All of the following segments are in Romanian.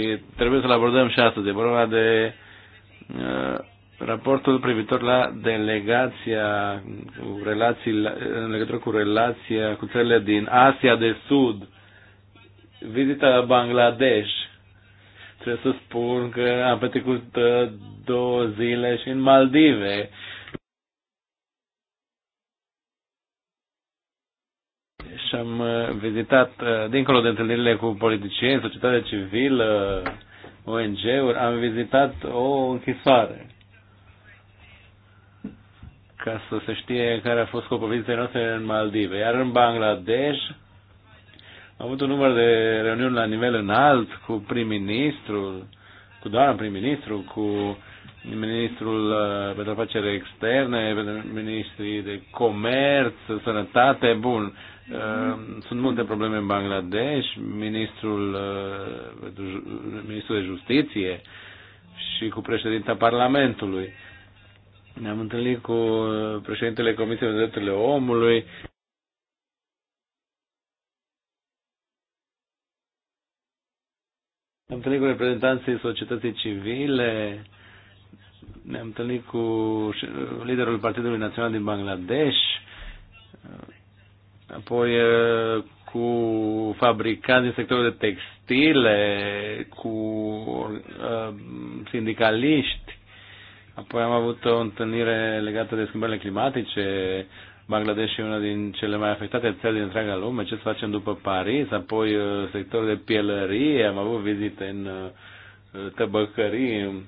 și trebuie să-l abordăm și astăzi. E vorba de uh, raportul privitor la delegația cu relații, în legătură cu relația cu țările din Asia de Sud, vizita la Bangladesh. Trebuie să spun că am petrecut uh, două zile și în Maldive și am uh, vizitat, uh, dincolo de întâlnirile cu politicieni, societatea civilă, ONG-uri, am vizitat o închisoare ca să se știe care a fost scopul vizitei noastre în Maldive. Iar în Bangladesh am avut un număr de reuniuni la nivel înalt cu prim-ministrul, cu doamna prim-ministru, cu ministrul uh, pentru afaceri externe, ministrii de comerț, sănătate, bun. Uh, sunt multe probleme în Bangladesh, ministrul, uh, ministrul de justiție și cu președinta Parlamentului. Ne-am întâlnit cu președintele Comisiei de Drepturile Omului. Am întâlnit cu reprezentanții societății civile, ne-am întâlnit cu liderul Partidului Național din Bangladesh, apoi cu fabricanți din sectorul de textile, cu sindicaliști, apoi am avut o întâlnire legată de schimbările climatice, Bangladesh e una din cele mai afectate țări din întreaga lume, ce să facem după Paris, apoi sectorul de pielărie, am avut vizite în tăbăcării,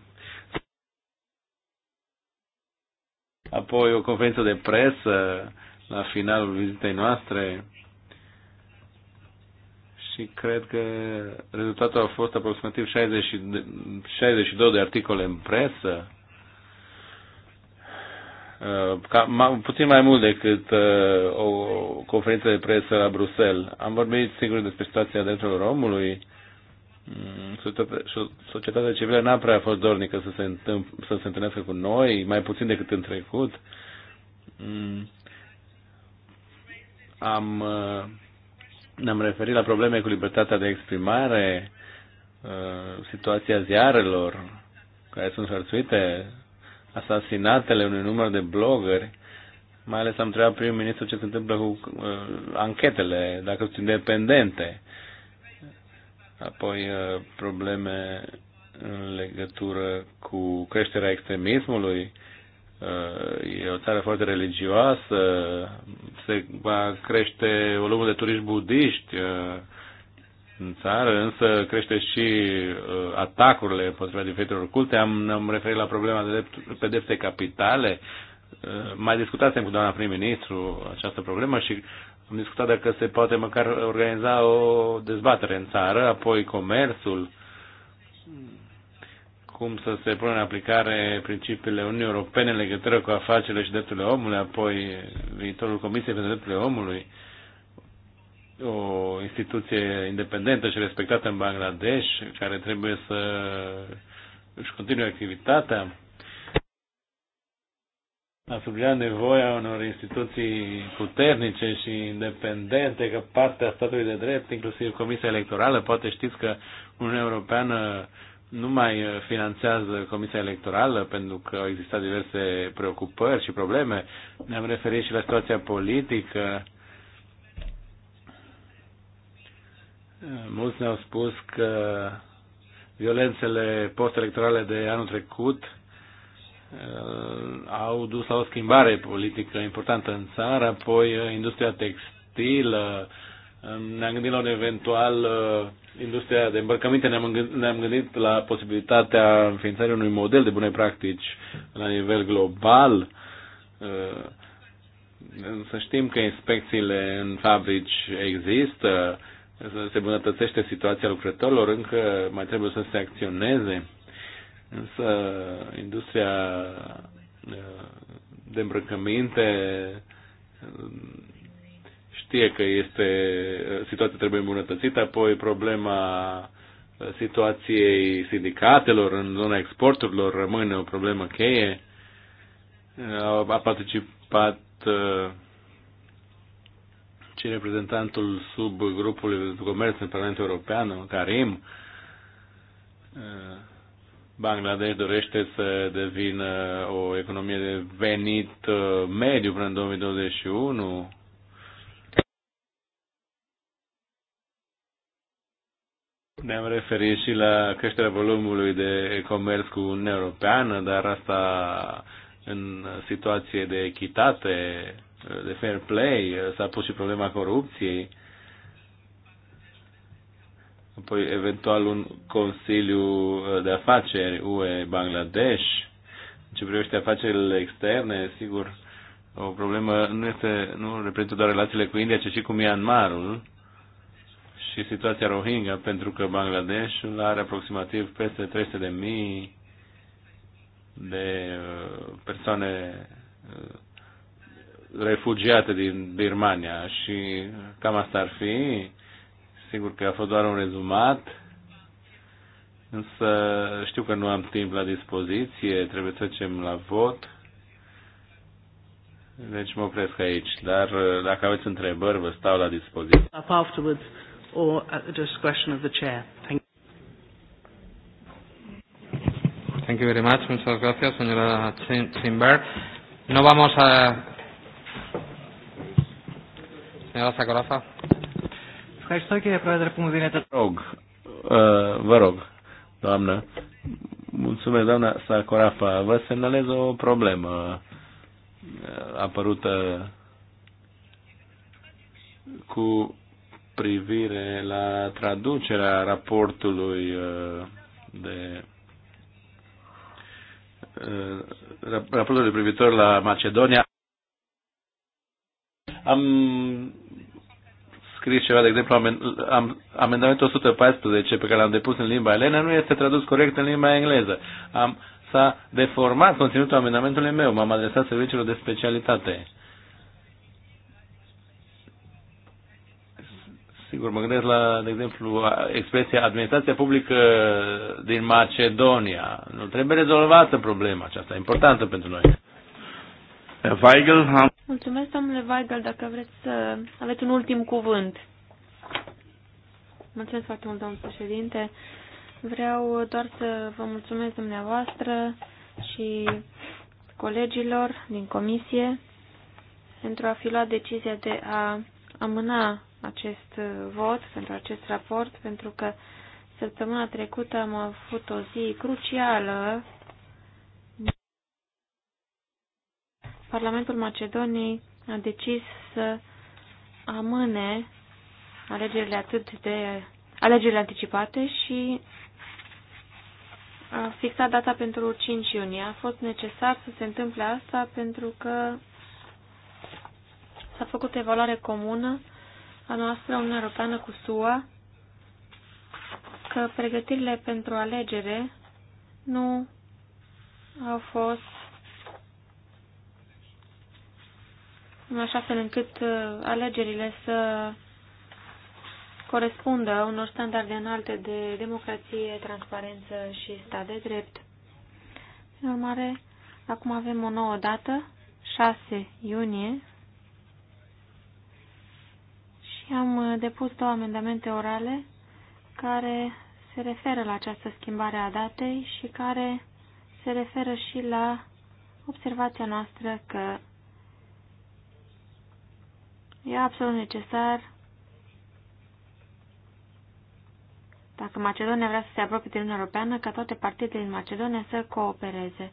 apoi o conferință de presă la finalul vizitei noastre și cred că rezultatul a fost aproximativ 60, 62 de articole în presă, uh, ca, ma, puțin mai mult decât uh, o conferință de presă la Bruxelles. Am vorbit, sigur, despre situația drepturilor omului, Mm, societatea civilă n-a prea fost dornică să se, întâmpl, să se întâlnească cu noi, mai puțin decât în trecut. Mm. Am, uh, ne-am referit la probleme cu libertatea de exprimare, uh, situația ziarelor care sunt hărțuite, asasinatele unui număr de blogări, mai ales am întrebat prim-ministru ce se întâmplă cu uh, anchetele, dacă sunt independente. Uh, apoi uh, probleme în legătură cu creșterea extremismului. Uh, e o țară foarte religioasă, se va crește volumul de turiști budiști uh, în țară, însă crește și atacurile împotriva diferitelor culte. Am, am referit la problema de pedepse capitale. Mai discutasem cu doamna prim-ministru această problemă și am discutat dacă se poate măcar organiza o dezbatere în țară, apoi comerțul, cum să se pună în aplicare principiile Uniunii Europene în legătură cu afacerile și drepturile omului, apoi viitorul Comisiei pentru Drepturile Omului, o instituție independentă și respectată în Bangladesh, care trebuie să își continue activitatea a subliniat nevoia unor instituții puternice și independente, că partea statului de drept, inclusiv Comisia Electorală, poate știți că Uniunea Europeană nu mai finanțează Comisia Electorală pentru că au existat diverse preocupări și probleme. Ne-am referit și la situația politică. Mulți ne-au spus că violențele postelectorale de anul trecut Uh, au dus la o schimbare politică importantă în țară, apoi uh, industria textilă, um, ne-am gândit la un eventual uh, industria de îmbrăcăminte, ne-am gândit, gândit la posibilitatea înființării unui model de bune practici la nivel global. Să știm că inspecțiile în fabrici există, se bunătățește situația lucrătorilor, încă mai trebuie să se acționeze. Însă industria uh, de îmbrăcăminte uh, știe că este uh, situația trebuie îmbunătățită, apoi problema situației sindicatelor în zona exporturilor rămâne o problemă cheie. A participat și reprezentantul sub grupului de comerț în Parlamentul European, Karim, Bangladesh dorește să devină o economie de venit uh, mediu până în 2021. Ne-am referit și la creșterea volumului de comerț cu Uniunea Europeană, dar asta în situație de echitate, de fair play, s-a pus și problema corupției apoi eventual un Consiliu uh, de Afaceri UE Bangladesh, în ce privește afacerile externe, sigur, o problemă nu, este, nu reprezintă doar relațiile cu India, ci și cu Myanmarul și situația Rohingya, pentru că Bangladesh are aproximativ peste 300 de mii de uh, persoane uh, refugiate din Birmania și cam asta ar fi Sigur că a fost doar un rezumat, însă știu că nu am timp la dispoziție, trebuie să trecem la vot. Deci mă opresc aici, dar uh, dacă aveți întrebări, vă stau la dispoziție. Up afterwards or at the discretion of the chair. Thank you. Thank you very much. Muchas gracias, señora Simberg. No vamos a... Señora Sacorafa. Ευχαριστώ κύριε Πρόεδρε που μου δίνετε το λόγο. Vă rog, doamnă. Mulțumesc, doamna Sacorafa. Vă semnalez o problemă uh, apărută cu privire la traducerea raportului uh, de uh, raportului privitor la Macedonia. Am scris ceva, de exemplu, amendamentul 114 pe care l-am depus în limba elenă nu este tradus corect în limba engleză. Am, s-a deformat conținutul amendamentului meu, m-am adresat serviciilor de specialitate. Sigur, mă gândesc la, de exemplu, expresia administrația publică din Macedonia. Nu trebuie rezolvată problema aceasta, importantă pentru noi. Eh, Weigel, am... Mulțumesc, domnule Weigel, dacă vreți să aveți un ultim cuvânt. Mulțumesc foarte mult, domnul președinte. Vreau doar să vă mulțumesc dumneavoastră și colegilor din comisie pentru a fi luat decizia de a amâna acest vot pentru acest raport, pentru că săptămâna trecută am avut o zi crucială Parlamentul Macedoniei a decis să amâne alegerile atât de alegerile anticipate și a fixat data pentru 5 iunie. A fost necesar să se întâmple asta pentru că s-a făcut evaluare comună a noastră, Uniunea Europeană cu SUA, că pregătirile pentru alegere nu au fost în așa fel încât uh, alegerile să corespundă unor standarde înalte de democrație, transparență și stat de drept. În urmare, acum avem o nouă dată, 6 iunie, și am uh, depus două amendamente orale care se referă la această schimbare a datei și care se referă și la observația noastră că E absolut necesar dacă Macedonia vrea să se apropie de Uniunea Europeană, ca toate partidele din Macedonia să coopereze.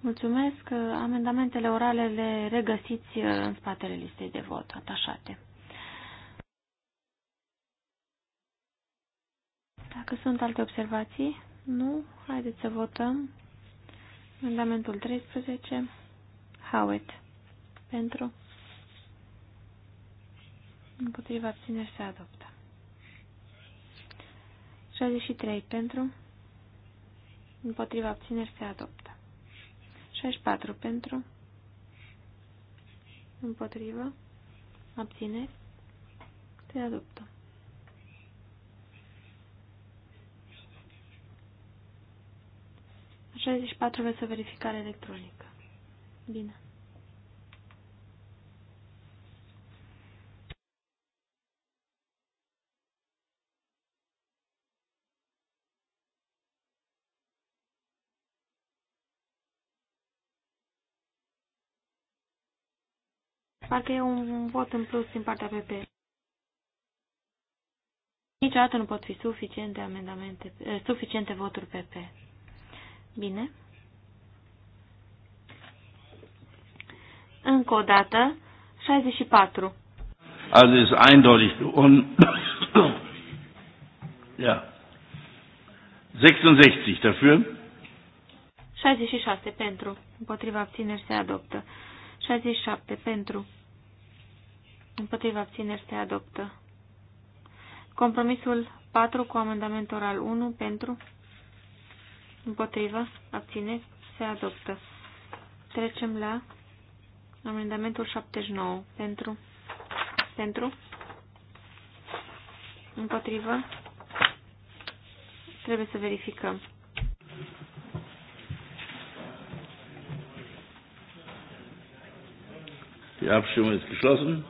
Mulțumesc. Amendamentele orale le regăsiți uh, în spatele listei de vot, atașate. Dacă sunt alte observații, nu, haideți să votăm. Amendamentul 13, Howitt, pentru. Împotriva abțineri se adoptă. 63 pentru. Împotriva abțineri se adoptă. 64 pentru. Împotriva abțineri se adoptă. 64 Vă să verificare electronică. Bine. Parcă e un vot în plus din partea PP. Niciodată nu pot fi suficiente amendamente, eh, suficiente voturi PP. Bine. Încă o dată, 64. Also ist eindeutig Un, ja. 66 dafür. 66 pentru. Împotriva abțineri se adoptă. 67 pentru. Împotriva abțineri se adoptă. Compromisul 4 cu amendament oral 1 pentru. Împotriva abțineri se adoptă. Trecem la amendamentul 79 pentru. Pentru. împotriva Trebuie să verificăm. Die Abstimmung ist geschlossen.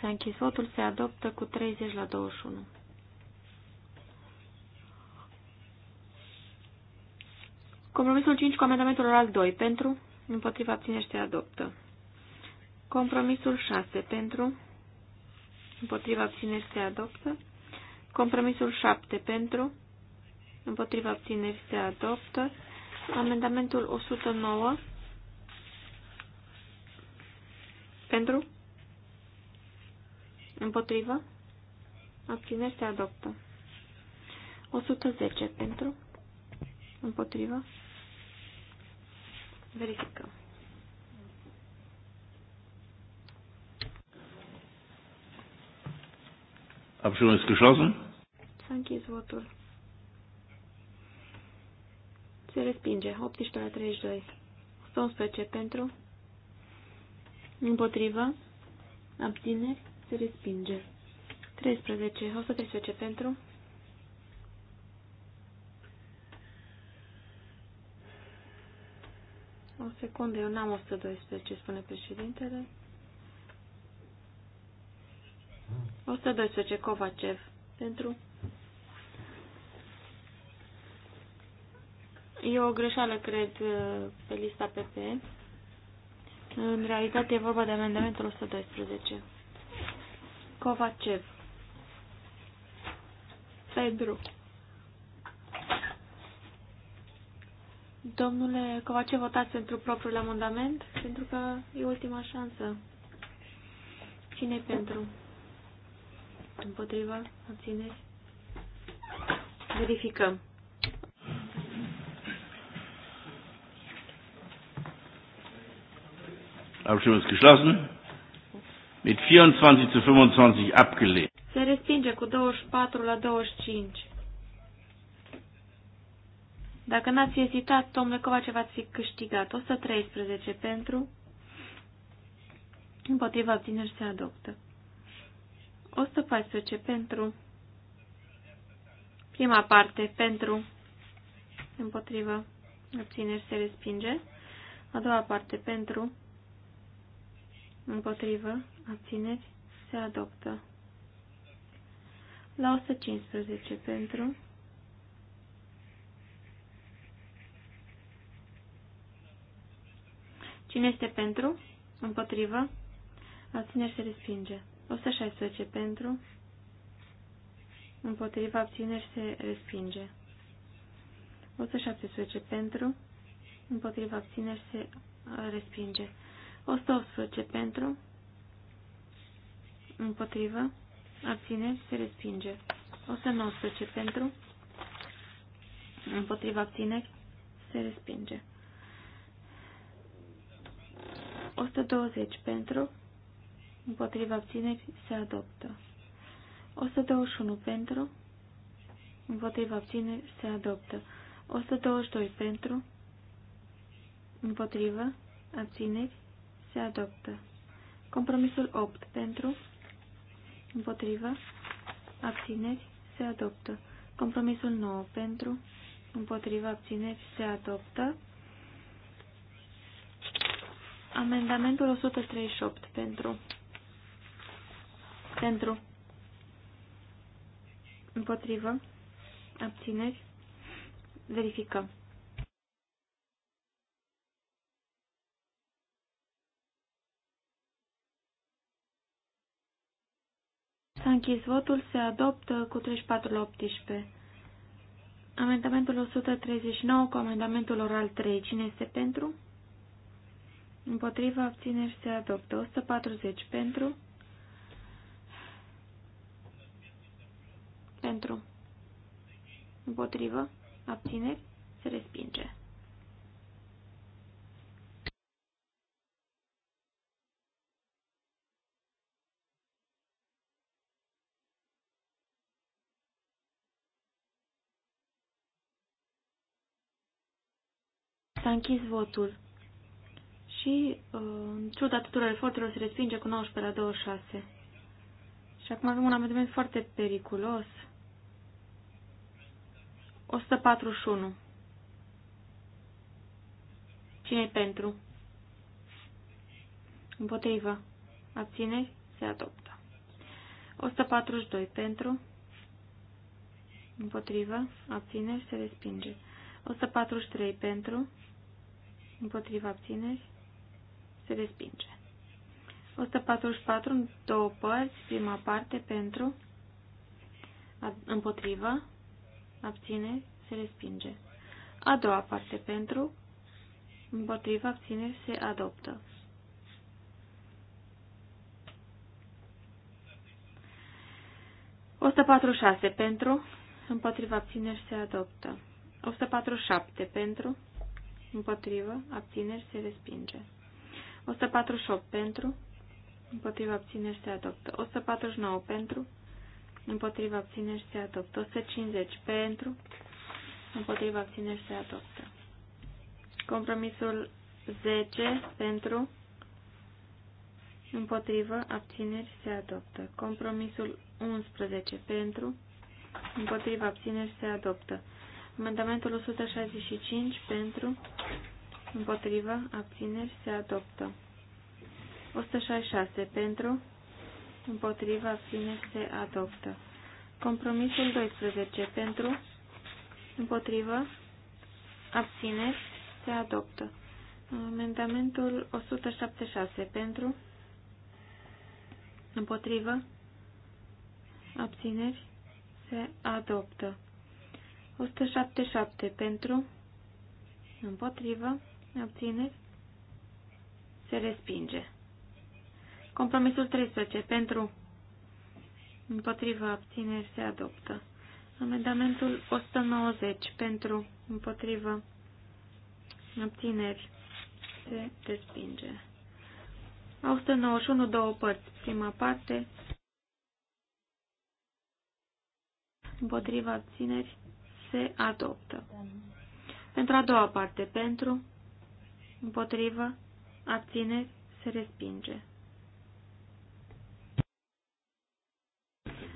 S-a închis votul, se adoptă cu 30 la 21. Compromisul 5 cu amendamentul oral 2. Pentru, împotriva abțineri se adoptă. Compromisul 6. Pentru, împotriva abțineri se adoptă. Compromisul 7. Pentru, împotriva abțineri se adoptă. Amendamentul 109. Pentru? Împotrivă? Abține se adoptă. 110 pentru? Împotrivă? Verificăm. Abține ist geschlossen. S-a închis votul. Se respinge. 18 la 32. 111 pentru. Împotrivă. Abțineri se respinge. 13. 113 pentru. O secundă, eu n-am 112, spune președintele. 112, Kovacev, pentru... E o greșeală, cred, pe lista PP. În realitate e vorba de amendamentul 112. Kovacev. Pedru. Domnule Kovacev, votați pentru propriul amendament, pentru că e ultima șansă. cine pentru? Împotriva? Abțineți? Verificăm. Abstimmung ist geschlossen mit 24 zu 25 abgelehnt. Se respinge cu 24 la 25. Dacă n-ați ezitat, domnule Covace, v-ați fi câștigat. 113 pentru, împotriva abțineri se adoptă. 114 pentru, prima parte, pentru, împotriva abțineri se respinge. A doua parte, pentru, împotriva abțineri, se adoptă. La 115 pentru, Cine este pentru? Împotrivă? Abțineri se respinge. 116 pentru. Împotriva abțineri se respinge. 117 pentru. Împotriva abțineri se respinge. 118 pentru împotrivă, abțineri, se respinge. 119 pentru, împotrivă, abțineri, se respinge. 120 pentru, împotrivă, abțineri, se adoptă. 121 pentru, împotrivă, abțineri, se adoptă. 122 pentru, împotrivă, abțineri, se adoptă. Compromisul 8 pentru, împotrivă, abțineri, se adoptă. Compromisul 9 pentru, împotrivă, abțineri, se adoptă. Amendamentul 138 pentru, pentru, împotrivă, abțineri, verificăm. S-a închis votul, se adoptă cu 34 la 18. Amendamentul 139 cu amendamentul oral 3. Cine este pentru? Împotriva abțineri se adoptă. 140 pentru. Pentru. Împotrivă. Abțineri. Se respinge. S-a închis votul. Și, uh, în ciuda tuturor eforturilor, se respinge cu 19 la 26. Și acum avem un amendament foarte periculos. 141. cine e pentru? Împotrivă. Abțineri? Se adoptă. 142. Pentru? Împotrivă. Abțineri? Se respinge. 143. Pentru? împotriva abțineri, se respinge. 144 în două părți, prima parte pentru, împotriva, abțineri, se respinge. A doua parte pentru, împotriva, abțineri, se adoptă. O 146 pentru, împotriva abțineri se adoptă. 147 pentru, împotrivă, abțineri, se respinge. 148 pentru, împotrivă, abțineri, se adoptă. 149 pentru, împotrivă, abțineri, se adoptă. 150 pentru, împotrivă, abțineri, se adoptă. Compromisul 10 pentru, împotrivă, abțineri, se adoptă. Compromisul 11 pentru, împotrivă, abțineri, se adoptă. Amendamentul 165 pentru, împotrivă, abțineri se adoptă. 166 pentru, împotrivă, abțineri se adoptă. Compromisul 12 pentru, împotrivă, abțineri se adoptă. Amendamentul 176 pentru, împotrivă, abțineri se adoptă. 177 pentru, împotrivă, abțineri, se respinge. Compromisul 13 pentru, împotrivă, abțineri, se adoptă. Amendamentul 190 pentru, împotrivă, abțineri, se respinge. 191, două părți, prima parte, împotriva abțineri, se adoptă. Pentru a doua parte, pentru, împotrivă, abține, se respinge.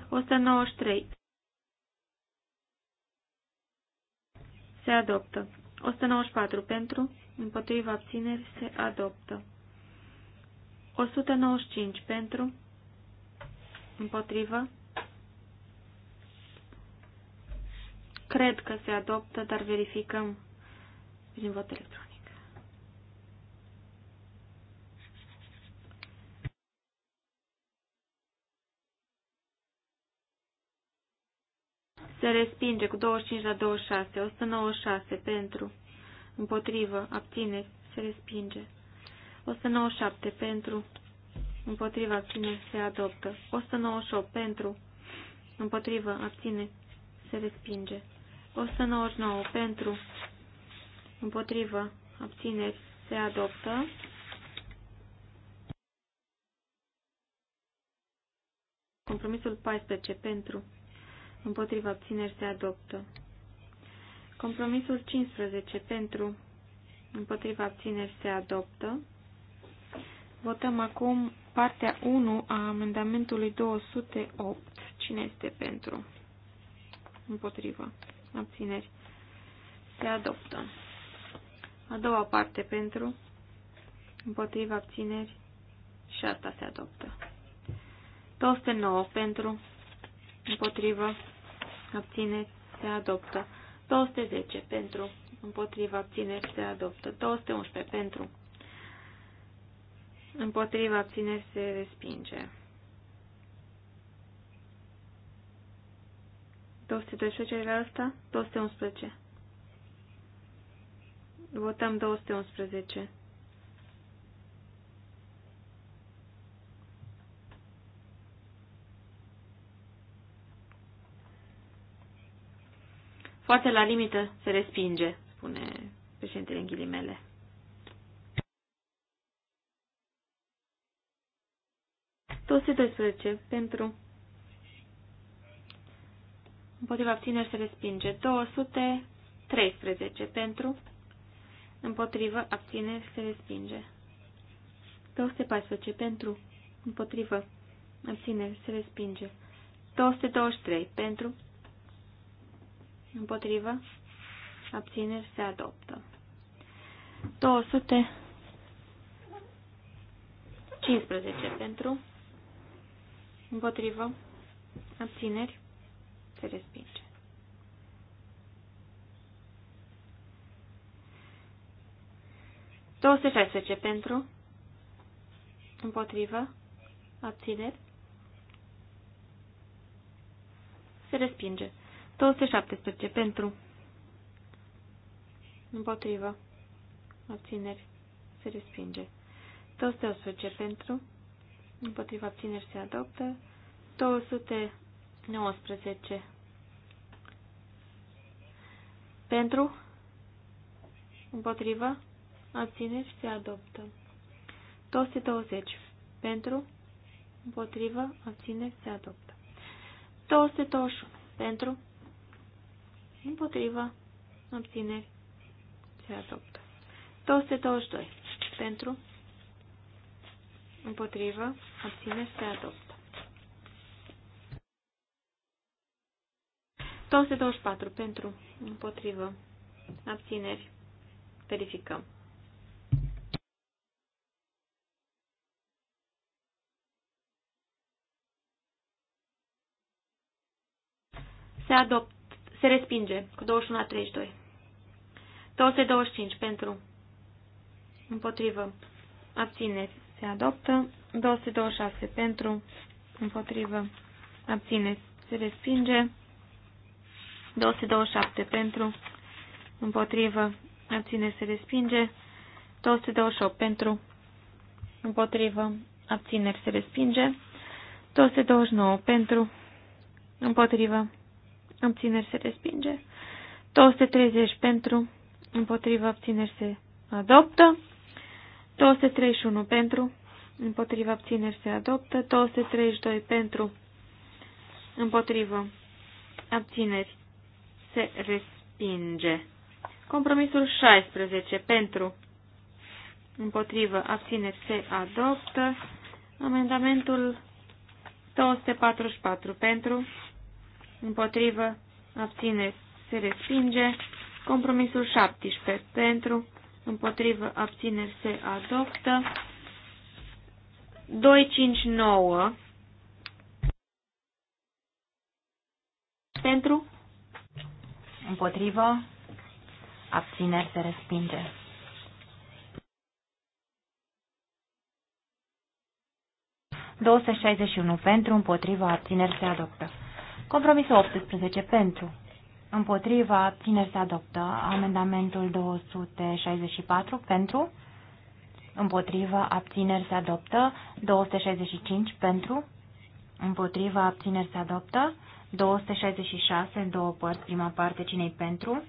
193. Se adoptă. 194. Pentru, împotriva abțineri, se adoptă. 195. Pentru, împotriva Cred că se adoptă, dar verificăm prin vot electronic. Se respinge cu 25 la 26, 196 pentru, împotrivă, abține, se respinge. 197 pentru, împotrivă, abține, se adoptă. 198 pentru, împotrivă, abține, se respinge. 199 pentru, împotrivă, abțineri, se adoptă. Compromisul 14 pentru, împotrivă, abțineri, se adoptă. Compromisul 15 pentru, împotriva abțineri se adoptă. Votăm acum partea 1 a amendamentului 208. Cine este pentru? Împotrivă abțineri, se adoptă. A doua parte pentru, împotriva abțineri, și asta se adoptă. 209 pentru, împotriva abțineri, se adoptă. 210 pentru, împotriva abțineri, se adoptă. 211 pentru, împotriva abțineri, se respinge. 212 era asta? 211. Votăm 211. Poate la limită se respinge, spune președintele în ghilimele. Toți 12 pentru împotriva abțineri se respinge. 213 pentru, împotriva abțineri se respinge. 214 pentru, împotriva abțineri se respinge. 223 pentru, împotriva abțineri se adoptă. 215 pentru, împotriva abțineri se respinge. Două se pentru, împotrivă, abțineri, se respinge. 217 pentru, împotrivă, abțineri, se respinge. 218 pentru, împotrivă, abțineri se adoptă, 200 19. Pentru, împotrivă, abțineri se adoptă. 220. Pentru, împotrivă, abțineri se adoptă. 221. Pentru, împotrivă, abțineri se adoptă. 222. Pentru, împotrivă, abțineri se adoptă. 224 pentru, împotrivă, abțineri, verificăm. Se adopt, se respinge cu 21 la 32. 225 pentru, împotrivă, abțineri, se adoptă. 226 pentru, împotrivă, abțineri, se respinge. 227 pentru, împotrivă, abține se respinge. 228 pentru, împotrivă, abțineri se respinge. 229 pentru, împotrivă, abțineri se respinge. 230 pentru, împotrivă, abțineri se adoptă. 231 pentru, împotrivă, abțineri se adoptă. 232 pentru, împotrivă, abțineri se respinge. Compromisul 16 pentru împotrivă abțineri se adoptă. Amendamentul 244 pentru împotrivă abțineri se respinge. Compromisul 17 pentru împotrivă abțineri se adoptă. 259 pentru Împotrivă. Abțineri se respinge. unu pentru, împotriva, abțineri se adoptă. Compromisul 18 pentru, împotriva, abțineri se adoptă. Amendamentul 264 pentru, împotriva, abțineri se adoptă. 265 pentru, împotriva, abțineri se adoptă. 266 în două părți, prima parte cinei pentru,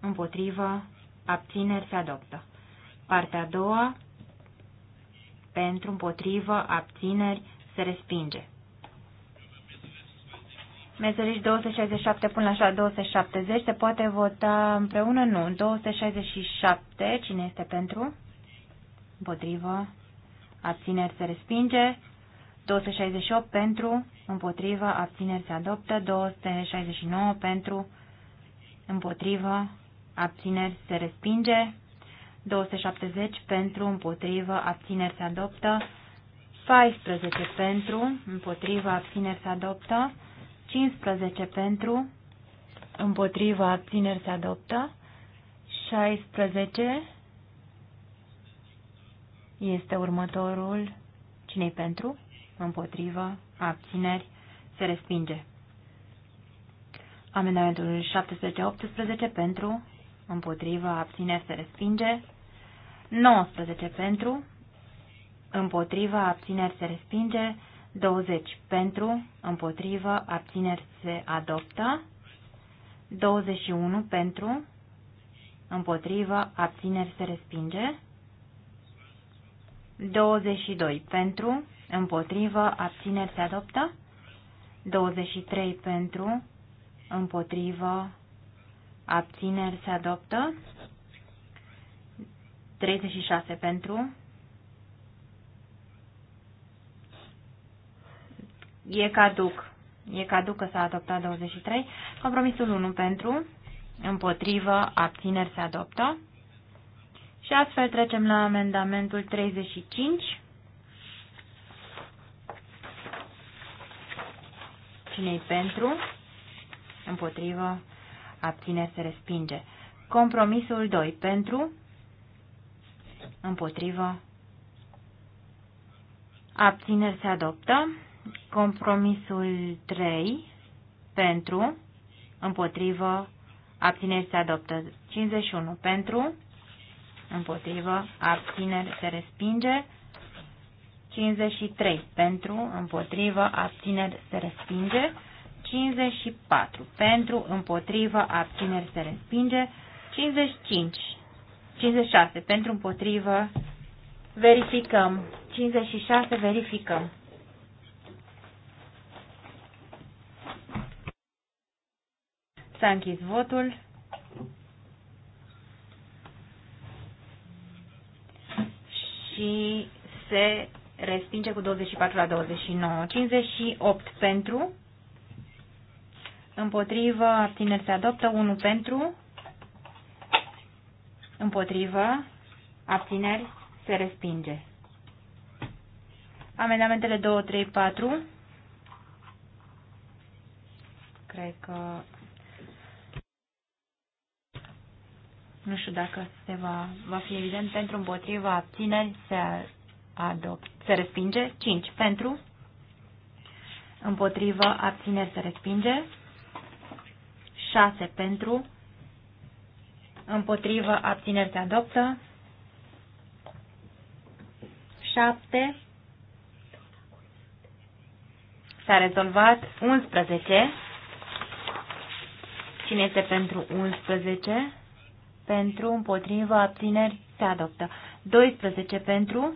împotrivă, abțineri se adoptă. Partea a doua, pentru, împotrivă, abțineri se respinge. Mezăriș 267 până la 270 se poate vota împreună? Nu. 267, cine este pentru? Împotrivă, abțineri se respinge. 268 pentru, împotrivă, abțineri se adoptă, 269 pentru, împotrivă, abțineri se respinge, 270 pentru, împotrivă, abțineri se adoptă, 14 pentru, împotrivă, abțineri se adoptă, 15 pentru, împotrivă, abțineri se adoptă, 16 este următorul, cine pentru? împotrivă, abțineri, se respinge. Amendamentul 1718 pentru, împotrivă, abțineri, se respinge. 19 pentru, împotrivă, abțineri, se respinge. 20 pentru, împotrivă, abțineri, se adoptă. 21 pentru, împotrivă, abțineri, se respinge. 22 pentru, împotrivă, abțineri se adoptă. 23 pentru, împotrivă, abțineri se adoptă. 36 pentru. E caduc. E caduc că s-a adoptat 23. Compromisul 1 pentru, împotrivă, abțineri se adoptă. Și astfel trecem la amendamentul 35 cine-i pentru? Împotrivă. Abține se respinge. Compromisul 2. Pentru? Împotrivă. Abțineri se adoptă. Compromisul 3. Pentru? Împotrivă. Abțineri se adoptă. 51. Pentru? Împotrivă. Abțineri se respinge. 53 pentru, împotrivă, abțineri se respinge. 54 pentru, împotrivă, abțineri se respinge. 55, 56 pentru, împotrivă, verificăm. 56 verificăm. S-a închis votul. Și se respinge cu 24 la 29. 58 pentru, împotrivă, abțineri se adoptă, 1 pentru, împotrivă, abțineri se respinge. Amendamentele 2, 3, 4. Cred că nu știu dacă se va, va fi evident, pentru împotriva abțineri se adopt, se respinge. 5 pentru, împotrivă, abțineri, se respinge. 6 pentru, împotrivă, abțineri, se adoptă. 7 s-a rezolvat 11. Cine este pentru 11? Pentru, împotrivă, abțineri, se adoptă. 12 pentru,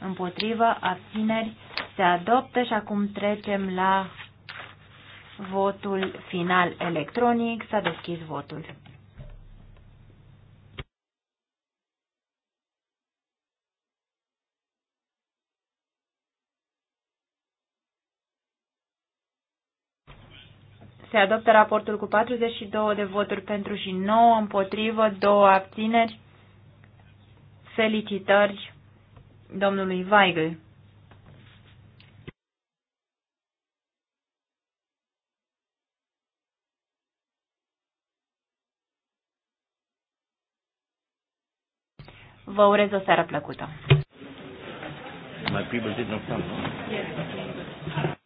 împotrivă, abțineri, se adoptă și acum trecem la votul final electronic. S-a deschis votul. Se adoptă raportul cu 42 de voturi pentru și 9 împotrivă, 2 abțineri. Felicitări domnului Weigel. Vă urez o seară plăcută. My people did not come. Yes.